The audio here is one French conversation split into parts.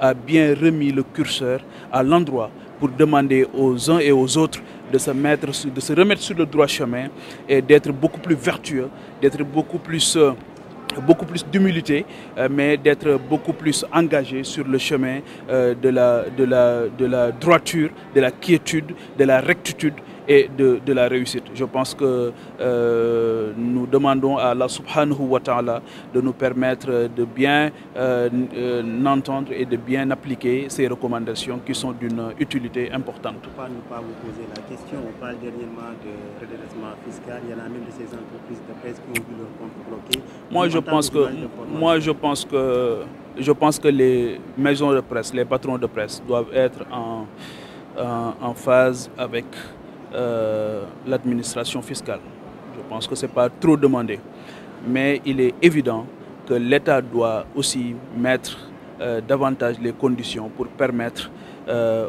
a bien remis le curseur à l'endroit pour demander aux uns et aux autres de se, mettre, de se remettre sur le droit chemin et d'être beaucoup plus vertueux, d'être beaucoup plus euh, beaucoup plus d'humilité, euh, mais d'être beaucoup plus engagé sur le chemin euh, de, la, de, de la droiture, de la quiétude, de la rectitude et de, la réussite. Je pense que euh, nous demandons à la subhanahu wa ta'ala de nous permettre de bien euh, euh, entendre et de bien appliquer ces recommandations qui sont d'une utilité importante. pas, vous poser la question, on parle dernièrement de redressement fiscal, il y en a même de ces entreprises de presse qui ont leur compte bloqué. Moi je, pense que, moi je pense que je pense que les maisons de presse, les patrons de presse doivent être en, en phase avec euh, l'administration fiscale. Je pense que ce n'est pas trop demandé. Mais il est évident que l'État doit aussi mettre euh, davantage les conditions pour permettre euh,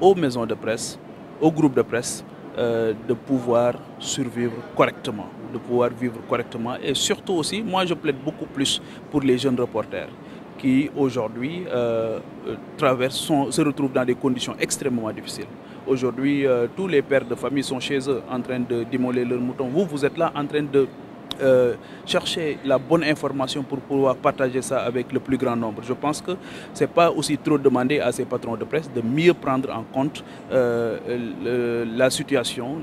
aux maisons de presse, aux groupes de presse, de pouvoir survivre correctement, de pouvoir vivre correctement. Et surtout aussi, moi je plaide beaucoup plus pour les jeunes reporters qui aujourd'hui se retrouvent dans des conditions extrêmement difficiles. Aujourd'hui, euh, tous les pères de famille sont chez eux en train de démolir leurs moutons. Vous, vous êtes là en train de euh, chercher la bonne information pour pouvoir partager ça avec le plus grand nombre. Je pense que ce n'est pas aussi trop demander à ces patrons de presse de mieux prendre en compte euh, la, situation,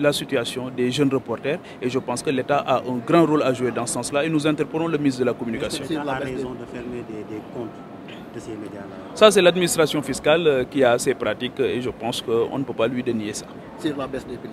la situation des jeunes reporters. Et je pense que l'État a un grand rôle à jouer dans ce sens-là. Et nous interpellons le ministre de la Communication. C'est la raison de fermer des, comptes de ces médias-là Ça, c'est l'administration fiscale euh, qui a ses pratiques et je pense qu'on ne peut pas lui dénier ça. C'est la baisse des prix.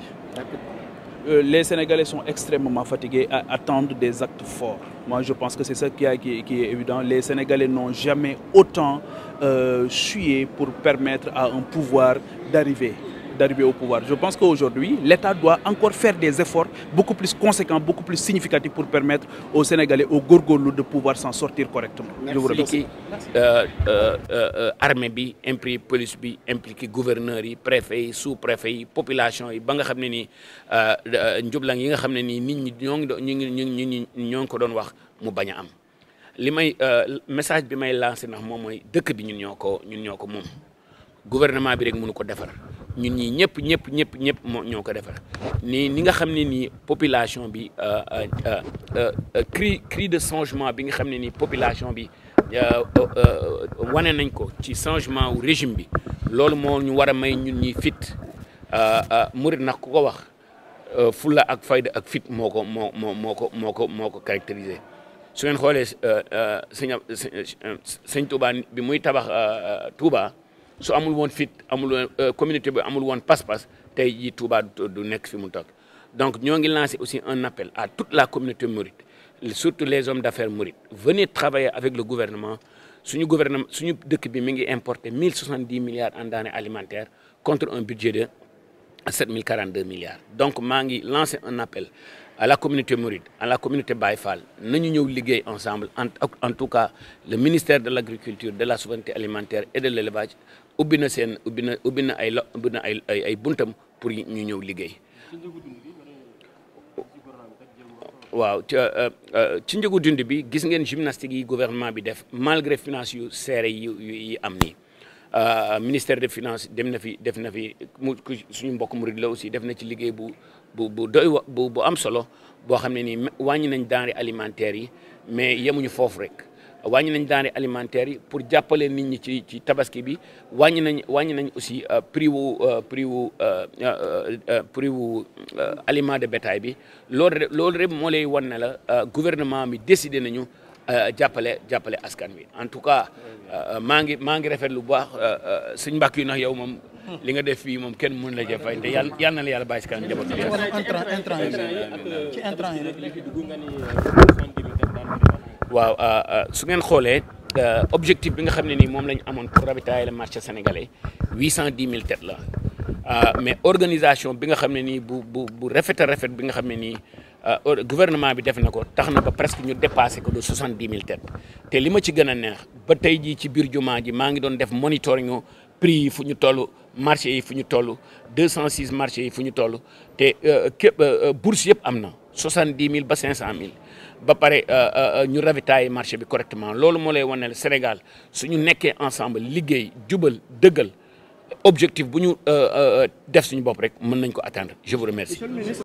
Euh, les Sénégalais sont extrêmement fatigués à attendre des actes forts. Moi, je pense que c'est ça qui, est évident. Les Sénégalais n'ont jamais autant euh, sué pour permettre à un pouvoir d'arriver d'arriver au pouvoir. Je pense qu'aujourd'hui, l'État doit encore faire des efforts beaucoup plus conséquents, beaucoup plus significatifs pour permettre aux Sénégalais, aux gorgolous de pouvoir s'en sortir correctement. Merci. Je vous remercie. Euh, euh, euh, armée bi police bi impliqué gouverneur préfet sous préfet la population yi ba nga xam ne nii njublang yi nga ni nit ñi wax mu am. message bi may lancé nak bi ñun gouvernement bi rek mënu ko défar ñun ñi ñëpp ñëpp ñëpp ñëpp moo ñoo ko defar ni ni nga xam ne nii population bi euh, euh, euh, cri cri de changement bi nga xam ne nii population bi wane nañ ko ci changement wu régime bi loolu moo ñu war a may ñun ñi fit murit nag ku ko wax fulla ak fayda ak fit moo ko moo moo moo ko moo ko moo ko caractérisé su ngeen xoolee sëñ sëñ Touba bi muy tabax Touba su amul won fit amul euh, communauté bi amul won pass tay Touba du nek fi donc nous ngi lancé aussi un appel à toute la communauté mouride surtout les hommes d'affaires mourides venez travailler avec le gouvernement suñu gouvernement suñu dëkk bi mi ngi importer milliards en denrées alimentaires contre un budget de 7 042 milliards. donc nous ngi lancer un appel à la communauté mouride à la communauté Baye nous nañu liguer ensemble en tout cas le ministère de l'agriculture de la souveraineté alimentaire et de l'élevage ubbi na seen ubbi na ubbi na ay la na ay ay buntam pour ñu ñëw liggéey. waaw euh, euh, ci njëgu dund bi gis ngeen gymnastique yi gouvernement bi def malgré finance yu seere yu yi am nii euh, ministère de finance dem na fi def na fi mu suñu mbokk murid la aussi def na ci liggéey bu bu bu bu bu am solo boo xam ne nii wàññi nañ denrées alimentaires yi mais yemuñu foofu rek. wàññi nañ denrées alimentaires yi pour jàppale nit ñi ci ci tabaski bi wàññi nañ wàññi nañ aussi euh, prix wu euh, prix wu euh, prix wu aliment de bétail bi loolu loolu rek moo lay wan ne la gouvernement mi décidé nañu jàppale jàppale askan wi en tout cas maa ngi maa ngi rafet lu baax suñ mbàkk yu nax yow moom li nga def fii moom kenn mën la jëfay te yàlla yàlla na la yàlla bàyyi si kanam njaboot bi waaw euh, euh, su ngeen xoolee euh, objectif bi nga xam ne nii moom la ñu amoon pour ravitailler le marché sénégalais huit cent dix mille têtes la mais organisation bi nga xam ne nii bu bu bu rafet rafet bi nga xam ne nii guvernement bi def na ko tax na ba presque ñu dépassé ko de soixante dix mille têtes te li ma ci gën a neex ba tey jii ci biir jumaa ji maa ngi doon def monitoring prix yi fu ñu tollu marché yi fu ñu 206 marché yi fu ñu toll te euh, euh, euh, bourse am 70 000 ba 500 000 ba pare ñu ravitailler marché bi correctement loolu moo lay le Sénégal suñu ñu ensemble liggéey jubal dëggal objectif bu ñu def suñu bopp rek mën nañ ko atteindre je vous remercie.